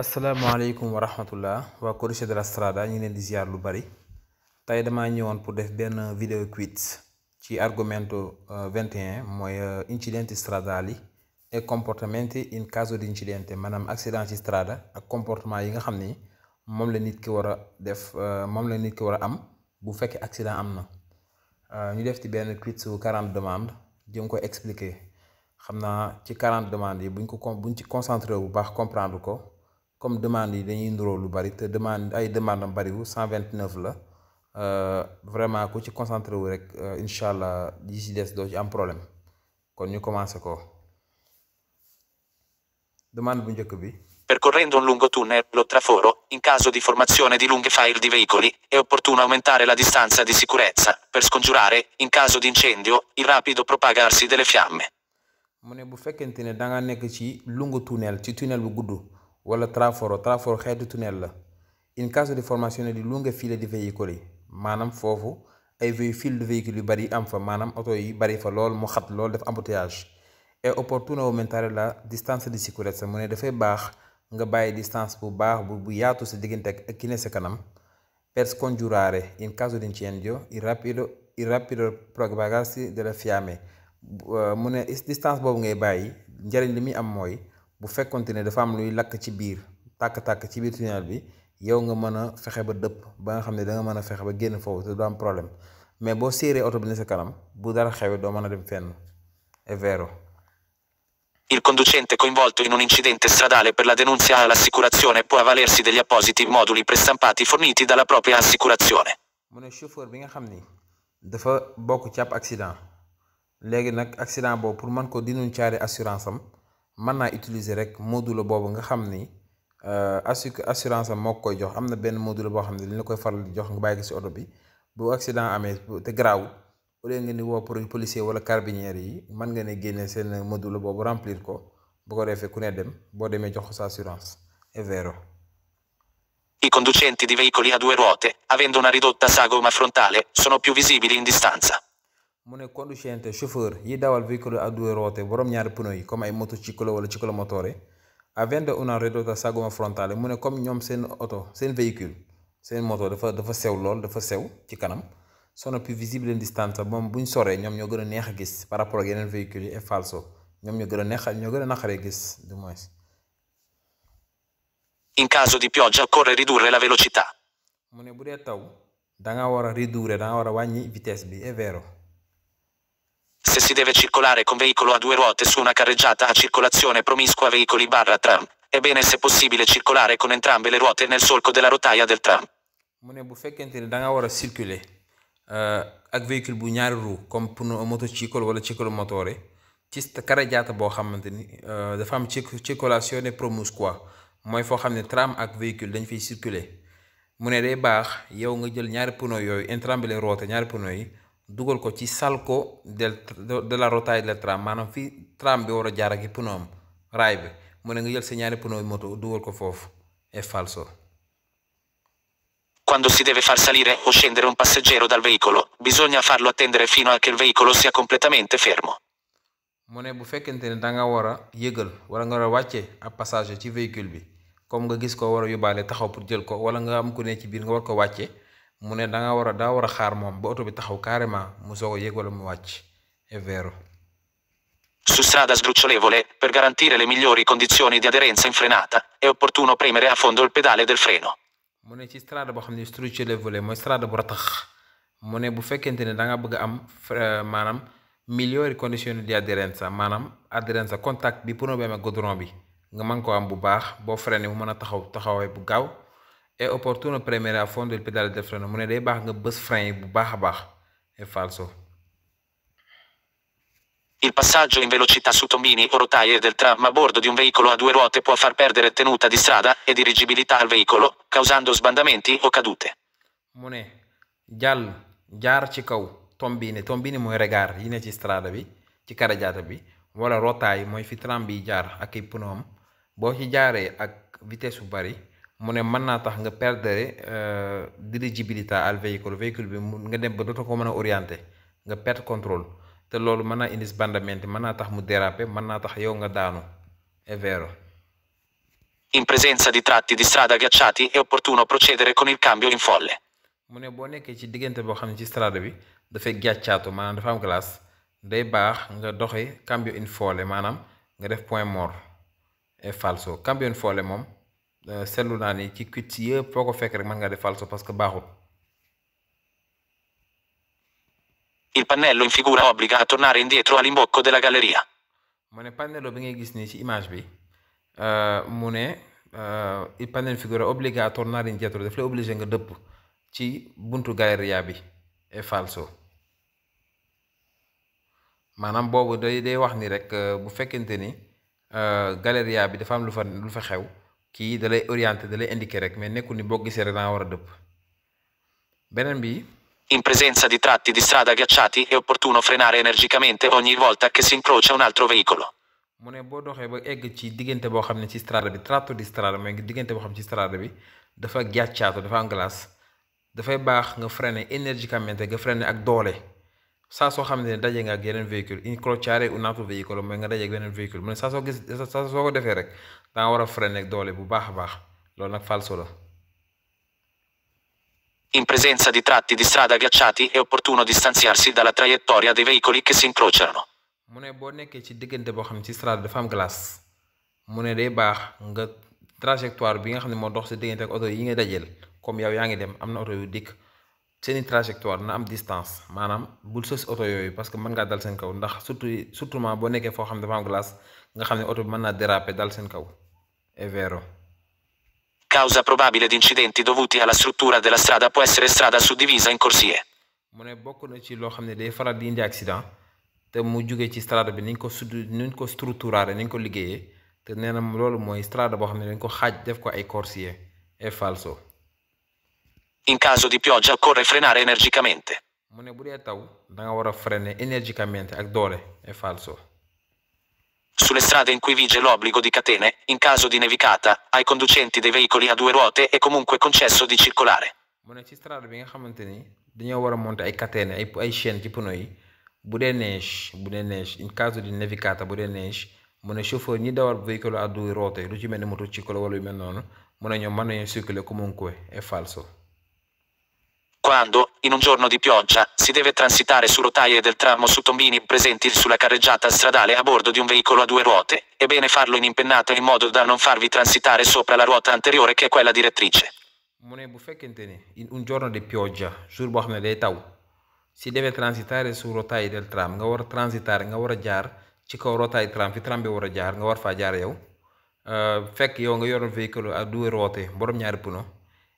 asalaamaaleykum wa rahmatullah waa Codice de la Strada ñu ngi leen di ziar lu bari tey damaa ñëwoon pour def benn vidéo quiz ci argomento 21 euh, mooy euh, incidenti stradali e comportamenti in caso di incidente maanaam accident ci strada ak comportement yi nga xam ni moom la nit ki war a def euh, moom la nit ki war a am bu fekkee accident am na ñu def ci benn quiz su quarante demandes jëm ko expliquer xam naa ci quarante demande yi buñ ko buñ ci concentré bu baax comprendre ko. comme demande yi dañuy nuroo lu bari te demande ay demande am bariwu cent vingt neuf la euh, vraiment ku ci concentré wu rek euh, incha allah yi ci des doo kon ñu commencé ko demande bu njëkk bi Percorrendo un lungo tunnel lo traforo, in caso di formazione di lunghe file di veicoli, è opportuno aumentare la distanza di sicurezza per scongiurare, in caso di incendio, il rapido propagarsi delle fiamme. mu ne bu fekkente ne danga nekk ci lungu tunnel ci tunnel bu gudd wala traforo traforo xeetu tunnel la in caso di formazione di lunghe file di veicoli maanaam foofu ay file de véhicule yu bari am fa maanaam oto yi bari fa lool mu xat lool def embouteillage est opportuno aumentare la distance di sicurezza mu ne dafay baax nga bàyyi distance bu baax bu yaatu sa diggante ak ki ne sa kanam per scongiurare in caso di incendio il rapido il rapido propagarsi della fiamme euh, mu ne distance boobu ngay bàyyi njëriñ li muy am mooy. bu fekkonte ne dafa am luy lakk ci biir tàkk-tàkk ci biir tunnel bi yow nga mën a fexe ba dëpp ba nga xam ne da nga mën a fexe ba génn foofu te du am problème mais boo séeree oto bi ne sa kanam bu dara xewee doo mën a dem fenn è vero. Il conducente coinvolto in un incidente stradale per la denunzia nga xam ni dafa bokk ci ab léegi nag accident boobu pour mën ko dinun caare assurance am. mën naa utiliser rek module boobu nga xam ni euh, assurance am moo koy jox am na benn module boo xam ne dañ la koy faral di jox nga bàyyi ko si oto bi bu accident amee te garaaw au lieu nga ni woo pour policier wala carabinier yi mën nga ne génne seen module boobu remplir ko bu ko defee ku ne dem boo demee jox ko sa assurance è vero I conducenti di veicoli a due ruote, avendo una ridotta sagoma frontale, sono più visibili in distanza. mu ne conducente chauffeur yi dawal véhicule a due ruote borom ñaari pneu yi comme ay motociclo wala ciclomotore avendo una ruota sagoma frontale mu ne comme ñoom seen oto seen véhicule seen moto dafa dafa sew lool dafa sew ci kanam sono più visibili in distanza moom buñ soree ñoom ñoo gën a neex a gis par rapport ak yeneen véhicules yi e ñoom ñoo gën a neex ñoo gën gis du in caso di pioggia occorre ridurre la velocità. mu ne bu dee taw da nga war a ridurre da war a wàññi vitesse bi è Se si deve circolare con veicolo a due ruote su una carreggiata a circolazione promiscua veicoli barra tram, è se possibile circolare con entrambe le ruote nel solco della rotaia del tram. mu ne bu fekkente ni da nga a circuler eh, ak véhicule bu ñaari roue comme pneu motocycle wala cycle motore ci carreggiata boo xamante ni eh, dafa am circolazione promiscua mooy foo xam ne tram ak véhicule dañ fiy circuler mu ne day baax yow nga jël ñaari pneu yooyu entrambe le ruote ñaari pneu yi. dugal ko ci sal ko del de la rotaille del tram maanaam fii tram bi war a jaar ak i pneu am raay bi mu ne nga jël sa ñaari pneu moto dugal ko foofu è falso Quando si deve far salire o scendere un passeggero dal veicolo, bisogna farlo attendere fino a che il veicolo sia completamente fermo. mu ne bu fekkente ne da nga war a yëgal wala nga war a wàcce ab passager ci véhicule bi comme nga gis ko war a yóbbaale taxaw pour jël ko wala nga am ku ne ci biir nga war ko wàcce mu ne danga war a daa a xaar moom ba oto bi taxaw carrément mu soog a yéeg mu wàcc è vero su strada sdrucciolevole per garantire le migliori condizioni di aderenza in frenata è opportuno premere a fondo il pedale del freno mu ne ci strada boo xam ne sdrucciolevole mooy strada bu ratax mu ne bu fekkente ne da nga bëgg a am maanaam migliori condizioni di aderenza maanaam aderenza contact bi pneu bi amee goudron bi nga mën ko am bu baax boo freiné bu mën a taxaw taxawaay bu gaaw est opportuno premere a fondo il pédale del freno mu ne day e baax nga bës frein bu baax a baax è falso il passaggio in velocità su tombini o rotaie del tram a bordo di un veicolo a due ruote può far perdere tenuta di strada e dirigibilità al veicolo, causando sbandamenti o cadute. mu ne jàll jaar ci kaw tombini tombini mooy e regaar yi ne ci strada bi ci karajaata bi wala rotaay mooy e fi tram bi jaar ak i pneu boo ci jaaree ak vitesse bu bari mu ne mën naa tax nga perdre euh, dirigibilità al veicolo véhicule bi mu nga dem ba dootoo ko mën a orienté nga perte contrôle te loolu mën naa indi sbandamenti mën naa tax mu déraper mën naa tax yow nga daanu è vero In presenza di tratti di strada ghiacciati è opportuno procedere con il cambio in folle. mu ne boo nekkee ci diggante boo xam ne ci strada bi dafay gàccaatu maanaam dafa am glace day baax nga doxe cambio in folle maanaam nga def point mort et falso cambio moom Euh, seetlu naa ni ci kit si yëpp foo ko fekk rek man nga def falso parce que baaxul. Il pannello in figura obbliga a tornare indietro all'imbocco della ne pannello bi ngay gis nii ci image bi euh, mu ne euh, il pannello in figura obbliga a tornare obligé nga dëpp ci buntu galleria bi è falso maanaam boobu day day wax ni rek bu fekkente ni galleria bi dafa lu fa lu fa xew. kii da lay orienté da lay indiqué rek mais nekkul ni boo gisee rek naa war a dëpp beneen bi. In presenza di tratti di strada ghiacciati è opportuno frenare energicamente ogni volta che si incrocia un altro veicolo. mu ne boo doxee ba egg ci diggante boo xam ne ci strada bi tratto di strada mais diggante boo xam ne ci strada bi dafa ghiacciato dafa am dafay baax nga freiner énergiquement nga freiner ak doole. saa soo xam ne daje nga ak yeneen véhicule in crociare un autre véhicule mooy nga daje ak yeneen véhicule mu ne defee rek da nga war a doole bu baax a baax loolu nag falso la. In presenza di tratti di strada ghiacciati è opportuno distanziarsi dalla traiettoria dei veicoli che si incrociano. mu ne boo nekkee ci diggante boo xam ne ci strada dafa am glace mu day baax nga trajectoire bi nga xam ne moo dox si yi nga dajeel comme yow yaa ngi dem am na oto yu dikk. seeni trajectoire na am distance maanaam bul sës oto yooyu parce que mën ngaa dal seen kaw ndax surtout surtout boo nekkee foo xam ne dafa am glace nga xam ne oto bi mën naa déraper dal seen kaw è vero causa probabile di incidenti dovuti alla struttura della strada può essere strada suddivisa in corsie mu ne bokk na ci loo xam ne day faral di di accident te mu jóge ci strada bi niñ ko sud nuñ ko structurare niñ ko liggéeyee te nee na loolu mooy strada boo xam ne dañ ko xaaj def ko ay corsie è falso In caso di pioggia occorre frenare energicamente. mu ne bu dee taw da war a freiner energicamente ak doole è e falso. Sulle strade in cui vige l'obbligo di catene, in caso di nevicata, ai conducenti dei veicoli a due ruote è comunque concesso di circolare. mu ne ci strada bi nga xamante ni dañoo war a monter ay catene ay ay ci pneu yi bu dee neige bu dee neige in caso di nevicata bu dee neige mu ne chauffeur ñi dawal veicolo a due ruote lu ci mel ni motociclo wala yu mel noonu mu ne ñoom mën nañu circuler comunque è e quando, in un giorno di pioggia, si deve transitare su rotaie del tram su tombini presenti sulla carreggiata stradale a bordo di un veicolo a due ruote, è bene farlo in impennata in modo da non farvi transitare sopra la ruota anteriore che è quella direttrice. mu ne bu fekkente un giorno di pioggia jour boo xam ne day taw si demee transitare su rotaille del tram nga war a transitare nga war a jaar ci kaw rotaille tram fi tram bi war eh, a jaar nga war faa jaar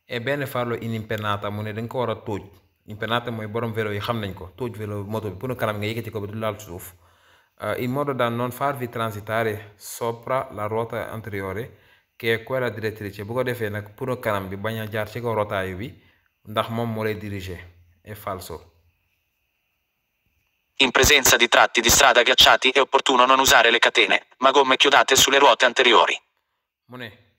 e benn farlo in impennata mu ne da ko war a tóoj impennata mooy borom vélo yi xam nañ ko tóoj vélo moto bi pneu kanam nga yëkkati ko ba du laal suuf il modo da non farvi transitare sopra la ruota anteriore che è quella direttrice bu ko defee nag pneu kanam bi bañ a jaar ci kaw rotaayu bi ndax moom moo lay diriger è falso In presenza di tratti di strada ghiacciati è opportuno non usare le catene, ma gomme chiodate sulle ruote anteriori. Monet.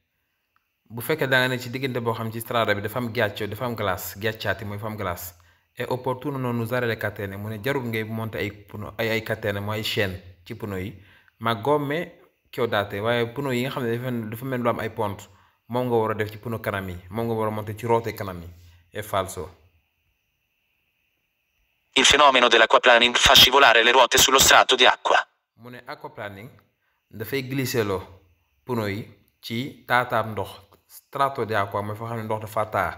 bu fekkee da ne ci diggante boo xam ci strada bi dafa am ghiaccio dafa am glace ghiacciati mooy dafa am glace et opportuno non usare le mu ne jarul ngay monter ay pneu ay ay catene mooy ay chaîne ci pneu yi ma gomme waaye pneu yi nga xam ne dafa mel lu ay pont moom nga war a def ci pneu kanam yi moom nga war a monter ci roote kanam yi è falso. Il fenomeno dell'acquaplaning fa scivolare le ruote sullo strato di acqua. mu ne aquaplaning dafay glisseloo pneu yi ci taataam ndox. stratodia quoi mooy foo xam ne ndox dafa taa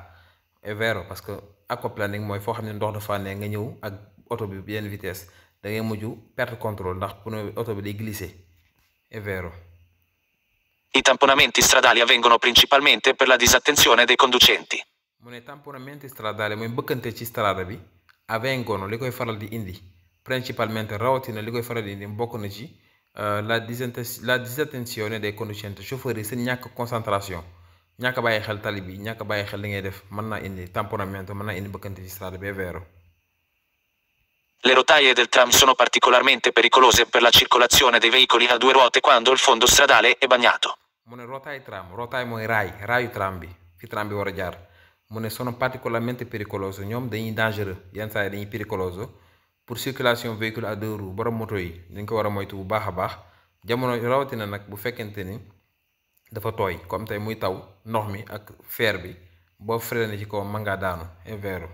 et vero parce que aquaplaning mooy foo xam ne ndox dafa ne nga ñëw ak oto bi yenn vitesse da ngay mujj perte contrôle ndax pneu oto bi day glisser et vero. I tamponamenti stradali avvengono principalmente per la disattenzione dei conducenti. mu ne tamponamenti stradali mooy bëkkante ci strada bi avvengono li koy faral di indi principalmente rawatina li koy faral di indi bokk na ci euh, la disattenzione dei conducenti chauffeurs yi seen ñàkk concentration. ñàkk bàyyi xel tali bi ñàkk bàyyi xel li ngay def mën naa indi tamponamento mën naa indi bëkkante ci strade bi è vero. Le rotaie del tram sono particolarmente pericolose per la circolazione dei veicoli a due ruote quando il fondo stradale è bagnato. mu ne rotaay tram rotaay mooy raay raayu tram bi fi tram bi war a jaar mu ne sono particolarmente pericolose ñoom dañuy dangereux yenn saa yi dañuy pericolose pour circulation véhicule à deux roues moto yi dañ ko war a moytu bu baax a baax jamono rawatina nag bu fekkente ni. dafa tooy comme tey muy taw ndox mi ak feer bi boo freiné ci kaw mën ngaa daanu è vero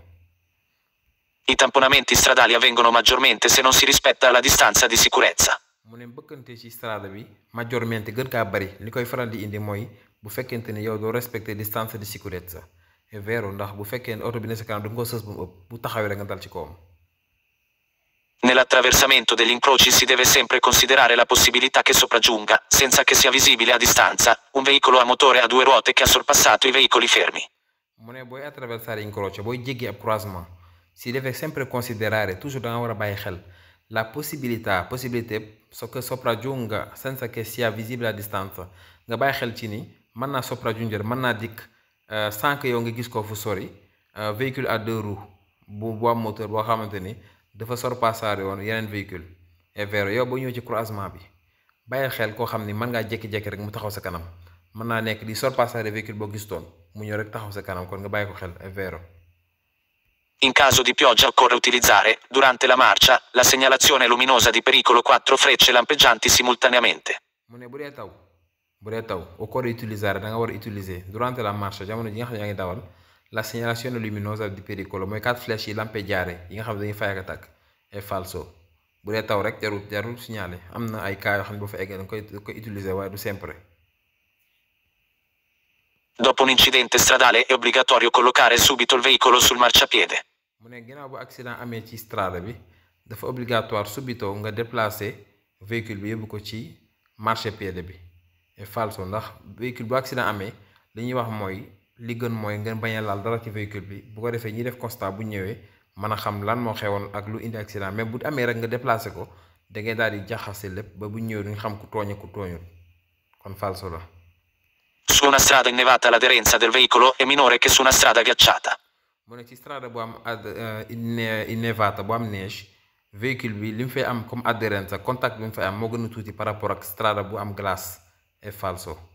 I tamponamenti stradali avvengono maggiormente se non si rispetta la distanza di sicurezza. mu ne bëkkante ci strada bi maggiormente gën kaa bari li koy faral di indi mooy bu fekkente ni yow doo respecté distance di sicurezza è vero ndax bu fekkee ne oto bi ne sa kanam da nga ko sës bu ëpp bu taxawee rek nga dal ci kawam. Nell'attraversamento degli incroci si deve sempre considerare la possibilità che sopraggiunga, senza che sia visibile a distanza, un veicolo a motore a due ruote che ha sorpassato i veicoli fermi. mu ne booy attraversare incrocio booy jéggi ab croisement si deve sempre considerare toujours da war a bàyyi xel la possibilità possibilité so sopraggiunga senza che sia visibile a distanza nga bàyyi xel ci ni mën naa sopraggiungere mën naa dikk eh, sans yow nga gis ko fu sori eh, véhicule à deux roues bu boo xamante ni. dafa sorpassaari woon yeneen véhicule et vers yow ba ñëw ci croisement bi bàyyi xel koo xam ni mën ngaa jékki-jékki rek mu taxaw sa kanam mën naa nekk di sorpassaare véhicule boo gistoon mu ñëw rek taxaw sa kanam kon nga bàyyi ko xel et vero In caso di pioggia occorre utilizzare, durante la marcia, la segnalazione luminosa di pericolo quattro frecce lampeggianti simultaneamente. mu ne bu dee taw bu dee taw occorre utilizzare da nga war a utiliser durante la marcia jamono ji nga xam ne yaa ngi dawal. la segnalazione luminosa di pericolo mooy quatre flèches yi lampe jaare yi nga xam ne dañuy fay ak tàkk et falso bu dee taw rek jarul jarul signalé am na ay cas yoo xam ne boo fa eggee da nga koy da nga koy utiliser waaye du sempre. dopo un incidente stradale è obbligatorio collocare subito il veicolo sul marciapiede. mu ne ginnaaw bu accident amee ci strada bi dafa obligatoire subito nga déplacer véhicule bi yóbbu ko ci marciapiede bi et falso ndax véhicule bu accident amee li ñuy wax mooy. li gën mooy ngeen bañ laal dara ci véhicule bi bu ko defee ñi def constat bu ñëwee mën a xam lan moo xewoon ak lu indi accident mais bu amee rek nga déplacé ko da ngay daal di jaxase lépp ba bu ñëwee duñ xam ku tooñe ku tooñul kon falso la. su una strada innevata l'aderenza del veicolo è minore che su una strada ghiacciata. mu ne ci strada bu am ad eh, innevata bu am neige véhicule bi li mu fay am comme adhérence contact bi mu fay am moo gën a tuuti par rapport ak strada bu am glace et falso.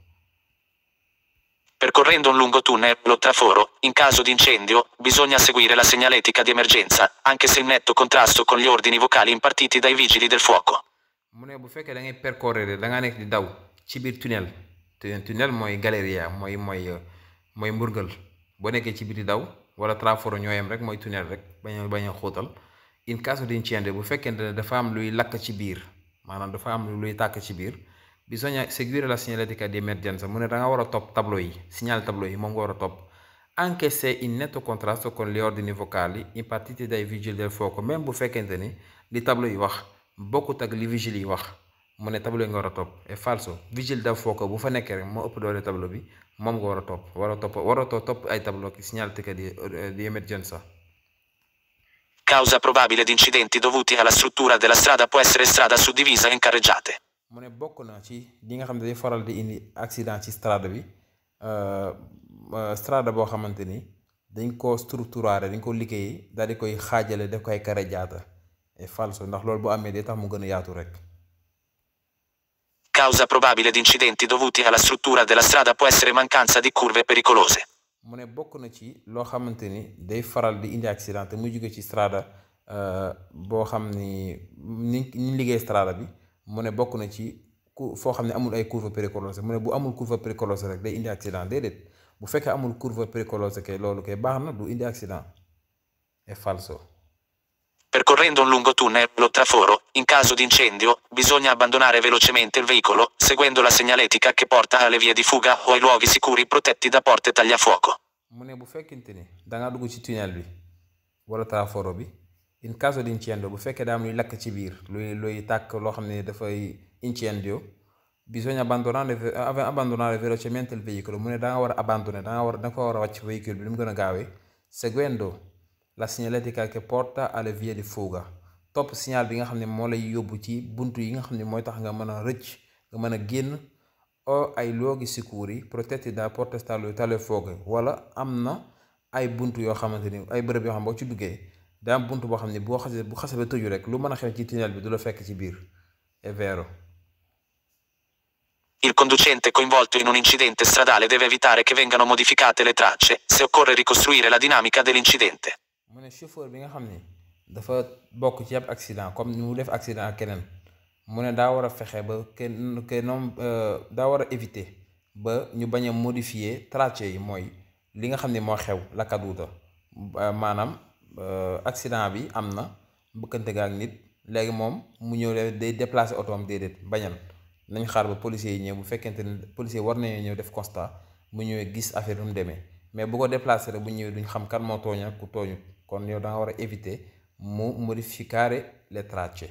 Percorrendo un lungo tunnel, l'ottaforo, in caso di incendio, bisogna seguire la segnaletica di emergenza, anche se in netto contrasto con gli ordini vocali impartiti dai vigili del fuoco. mu ne bu fekkee da ngay percorrere da nekk di daw ci biir tunnel te tunnel mooy galeria mooy mooy mooy mburgal boo nekkee ci biir di daw wala traforo ñooyam rek mooy tunnel rek bañ a bañ a xóotal in caso di incendio bu fekkee ne dafa am luy lakk ci biir maanaam dafa am luy tàkk ci biir. bisogna seguire la segnaletica di emergenza mu ne da nga war a topp tableau yi segnale tableau yi moom nga war a topp anche se in netto contrasto con gli ordini vocali impartiti dai vigili del fuoco même bu fekkente ni li tableau yi wax bokkut ak li vigile yi wax mu ne tableau yi nga war a topp è falso vigile del fuoco bu fa nekkee moo ëpp doole tableau bi moom nga war a topp war a topp ay tableau ki segnaletica di, emergenza causa probabile di incidenti dovuti alla struttura mu ne bokk na ci li nga xam ne day faral di indi accident ci strada bi euh, euh, strada boo xamante ni dañ ko structurare dañ ko liggéey daal di koy xaajale def ko ay carreggiata e falso ndax loolu bu amee day tax mu gën yaatu rek. Causa probabile di incidenti dovuti alla struttura della strada può essere mancanza di curve pericolose. mu ne bokk na ci loo xamante ni day faral di indi accident te muy jóge ci strada euh, boo xam ni ni ñu liggéey strada bi. mu ne bokk na ci ku foo xam ne amul ay courbe précolossé mu ne bu amul courbe précolossé rek day indi accident déedéet bu fekkee amul courbe précolossé kay loolu kay baax na du indi accident è falso Percorrendo un lungo tunnel o traforo, in caso di incendio, bisogna abbandonare velocemente il veicolo, seguendo la segnaletica che porta alle vie di fuga o i luoghi sicuri protetti da porte tagliafuoco. mu ne bu fekkente ni da nga dugg ci tunnel bi wala traforo bi in caso di incendio bu fekkee daa am luy lakk ci biir luy luy tàkk loo xam ne dafay incendio bisogna abbandonare abbandonare velocemente il veicolo mu ne da nga war a abbandonare da war da nga war a wàcc véhicule bi lu mu gën a gaawee seguendo la segnaletica che porta alle vie di fuga topp signal bi nga xam ne moo lay yóbbu ci bunt yi nga xam ne mooy tax nga mën a rëcc nga mën a génn ay ai luoghi sicuri protetti da porte dalle foghe wala am na ay buntu yoo xamante ni ay bërëb yoo xam ci duggee daa am bunt boo xam ne boo xasee bu xasee ba tëju rek lu mën a xew ci tunnel bi du la fekk ci biir è vero Il conducente coinvolto in un incidente stradale deve evitare che vengano modificate le tracce se occorre ricostruire la dinamica dell'incidente. mu ne chauffeur bi nga xam ne dafa bokk ci ab accident comme ni mu def accident keneen mu ne daa war a fexe ba kenn kenn euh, daa war a éviter ba ñu bañ a modifier tracé yi mooy li nga xam ne moo xew la kaduuta maanaam Euh, accident bi am na bëkkante ga ak nit léegi moom mu ñëw léegi day déplacé am déedéet bañal nañ xaar ba policier yi ñëw bu fekkente ne policier war nañoo ñëw def constat mu ñëwee gis affaire nu mu demee mais bu ko déplacé rek bu ñëwee duñ xam kan moo tooñ ku tooñut kon yow da nga war a éviter mu modificare le tracce.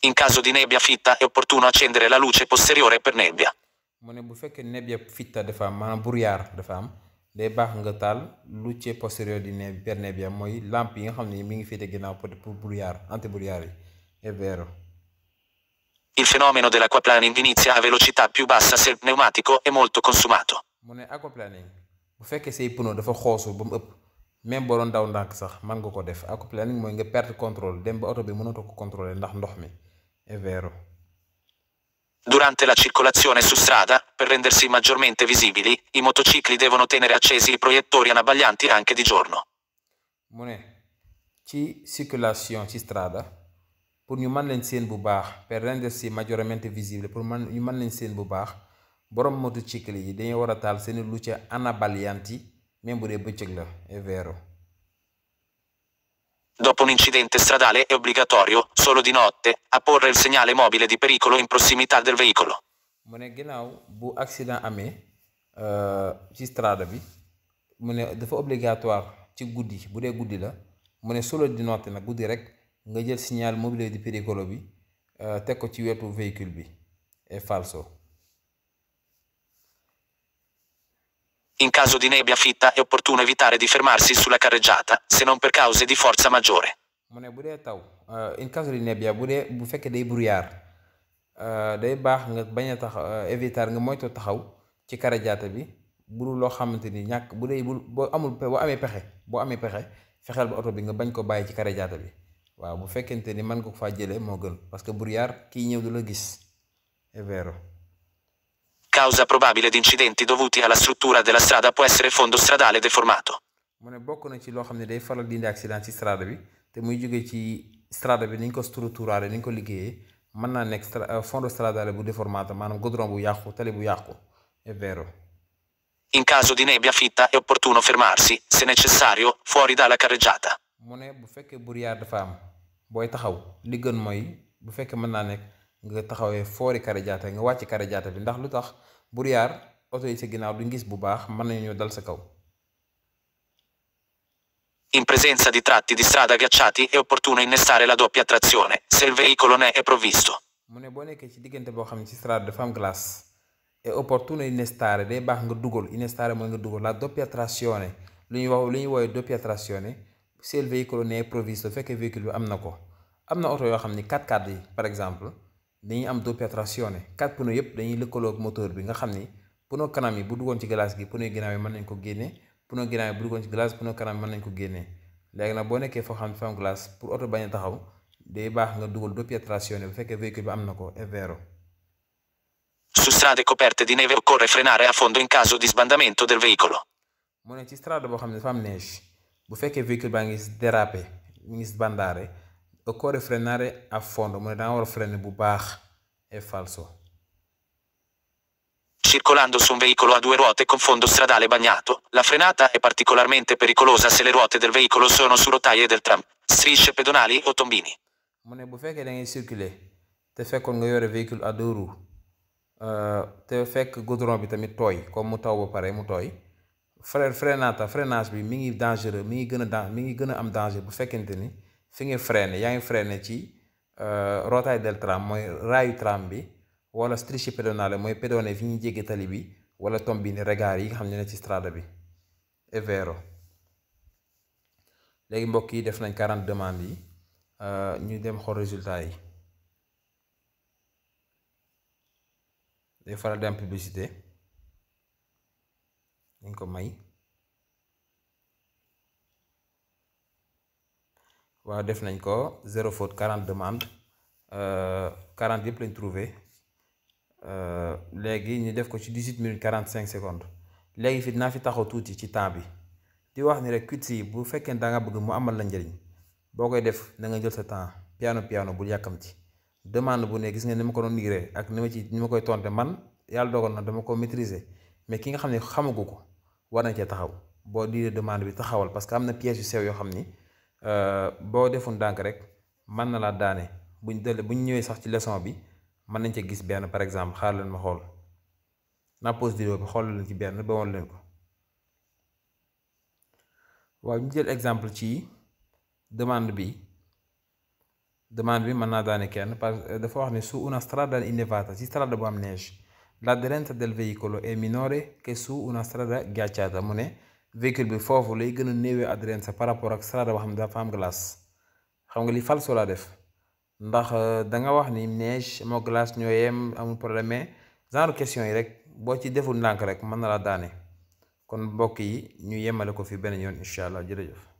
In caso di nebbia fitta è opportuno accendere la luce posteriore per nebbia. mu ne bu fekkee nebbia fitta dafa am maanaam brouillard dafa am. day baax nga taal luce postérieur di ne berne bi mooy lampe yi nga xam ne mi ngi féete ginnaaw pour pour brouillard anti brouillard yi è vero il fenomeno dell'acquaplaning inizia a velocità più bassa se il pneumatico molto consumato mu ne aquaplaning bu fekkee say pneu dafa xoosu bam ëpp même boo daw ndànk sax man nga ko def aquaplaning mooy nga perte contrôle dem ba oto bi mënatoo ko contrôler ndax ndox mi è Durante la circolazione su strada, per rendersi maggiormente visibili, i motocicli devono tenere accesi i proiettori anabaglianti anche di giorno. mu ne ci circulation ci strada pour ñu mën leen seen bu baax per rendre si majormente visible pour man ñu mën leen seen bu baax borom motocycle yi dañuy war a taal seeni luce anabaglianti même bu dee bëccëg la e vero Dopo un incidente stradale è obbligatorio, solo di notte, a porre il segnale mobile di pericolo in prossimità del veicolo. mu ne ginnaaw bu accident amee euh, ci strada bi mu ne dafa obligatoire ci guddi bu dee guddi la mu ne solo di notte nag guddi rek nga jël signal mobile di pericolo bi euh, teg ko ci wetu véhicule bi è falso. In caso di nebbia fitta è opportuno evitare di fermarsi sulla carreggiata, se non per cause di forza maggiore. mu ne bu dee taw eh, in caso di nebbia bu dee bu fekkee day brouillard eh, day baax nga bañ a tax éviter eh, nga moytu taxaw ci carreggiata bi bu dul loo xamante ni ñàkk bu dee boo amul boo amee pexe boo amee pexe fexeel ba oto bi nga bañ ko bàyyi ci carreggiata bi waaw bu fekkente ni mën nga ko faa jëlee moo gën parce que brouillard kii ñëw du la gis è Causa probabile di incidenti dovuti alla struttura della strada può essere fondo stradale deformato. mu ne bokk na ci loo xam ne day faral di indi accident ci strada bi te muy jóge ci strada bi ni ñu ko strutturaale ni ñu ko liggéeyee mën naa nekk euh, fondo stradale bu deformato maanaam godron bu yàqu tali bu yàqu è vero. In caso di nebbia fitta è opportuno fermarsi, se necessario, fuori dalla carreggiata. mu ne bu fekkee brouillard dafa am booy taxaw li gën mooy bu fekkee mën naa nekk. nga taxawee foori kare jaata nga wàcc kare jaata bi ndax lu tax brouillard oto yi sa ginnaaw duñ gis bu baax mën nañu dal sa kaw. In presenza di tratti di strada ghiacciati è opportuno innestare la doppia trazione se il veicolo ne è provvisto. mu ne boo nekkee ci diggante boo xam ne ci strada de am glace è opportuno innestare day baax nga dugal innestare mooy nga dugal la doppia trazione lu ñuy wax lu ñuy woowee doppia trazione se il veicolo ne è provvisto am na ko am na oto yoo xam ni 4 x yi par exemple. dañuy am doppio traction quatre pneus yëpp dañuy lëkkaloo ak moteur bi nga xam ni pneu kanam yi bu duggoon ci glace gi pneu ginnaaw yi mën nañ ko génne pneu ginnaaw yi bu duggoon ci glace pneu kanam yi mën nañ ko génne léegi nag boo nekkee foo xam ne fa am glace pour oto bañ a taxaw day baax nga dugal doppio traction bu fekkee véhicule bi am na ko è vero. su strade coperte di neve occorre frenare a fondo in caso di sbandamento del veicolo. mu ne ci strade boo xam ne dafa am neige bu fekkee véhicule baa ngi déraper mi ngi sbandaare occorre frenare a fondo mu ne danga war a bu baax è falso Circolando su un veicolo a due ruote con fondo stradale bagnato, la frenata è particolarmente pericolosa se le ruote del veicolo sono su rotaie del tram, strisce pedonali o tombini. mu ne bu fekkee da ngay circuler te fekkoon nga yore véhicule à euh, te fekk goudron bi tamit tooy comme mu taw ba pare mu tooy fre frenata bi mi ngi dangereux mi ngi gën a dan mi ngi gën a am danger bu fekkente ni. fi nga freiné yaa ngi freiné ci euh, rotaay del tram mooy raayu tram bi wala strisce pédonale mooy pédone fi ñuy jéggi tali bi wala tombini regard yi nga xam ne ne ci strada bi e léegi mbokk yi def nañ 40 demandes yi euh, ñu dem xool résultat yi day faral di am publicité ñu ko may waa def nañ ko zéro faute quarante demande euh, quarante yëpp lañ trouvé euh, léegi ñu def ko ci dix huit minutes quarante cinq secondes léegi fi dinaa fi taxaw tuuti ci temps bi di wax ni rek quiz yi bu fekkee da nga bëgg mu amal na njëriñ boo koy def na nga jël sa temps piano piano bul yàkkamti demande bu ne gis nga ni ma ko doon migré ak ni ma ci ni ma koy tonte man yàlla dogal na dama ko maîtriser mais ki nga xam ne xamagu ko war nañ cee taxaw boo diiree demande bi taxawal parce que am na pièces yu yoo xam ni. Euh, boo defoon ndànk rek mën na laa daane buñ dale buñ ñëwee sax ci leçon bi mën nañ ca gis benn par exemple xaar leen ma xool naa pause bi xool leen ci benn ba woon leen ko waaw ñu jël exemple ci demande bi demande bi mën naa daane kenn parce que dafa wax ne su una strada innevata si strada bu am neige l'adhérente del veicolo è minore che su una strada ghiacciata mu ne véhicule bi foofu lay gën a néewee sa par rapport ak strada boo xam ne dafa am glace xam nga li falso laa def ndax euh, da nga wax ni neige moo glace ñoo yem amul problème mais genre question yi rek boo ci deful ndànk rek mën na laa daane kon mbokk yi ñu yemale ko fi beneen yoon incha allah jërëjëf.